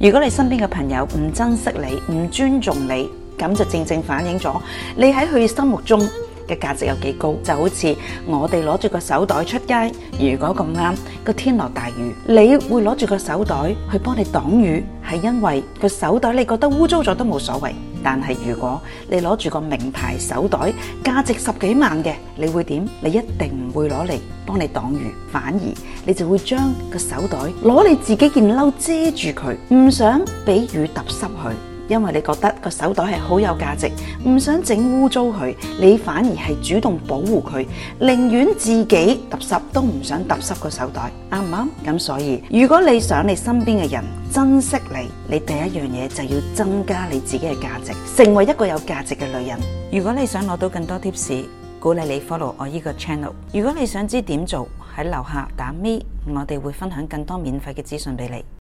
如果你身邊嘅朋友唔珍惜你、唔尊重你，咁就正正反映咗你喺佢心目中嘅價值有幾高。就好似我哋攞住個手袋出街，如果咁啱個天落大雨，你會攞住個手袋去幫你擋雨？係因為個手袋你覺得污糟咗都冇所謂，但係如果你攞住個名牌手袋，價值十幾萬嘅，你會點？你一定唔會攞嚟幫你擋雨，反而你就會將個手袋攞你自己件褸遮住佢，唔想俾雨揼濕佢。因為你覺得個手袋係好有價值，唔想整污糟佢，你反而係主動保護佢，寧願自己揼濕都唔想揼濕個手袋，啱唔啱？咁所以如果你想你身邊嘅人珍惜你，你第一樣嘢就要增加你自己嘅價值，成為一個有價值嘅女人。如果你想攞到更多貼士，鼓勵你 follow 我呢個 channel。如果你想知點做，喺樓下打 me，我哋會分享更多免費嘅資訊俾你。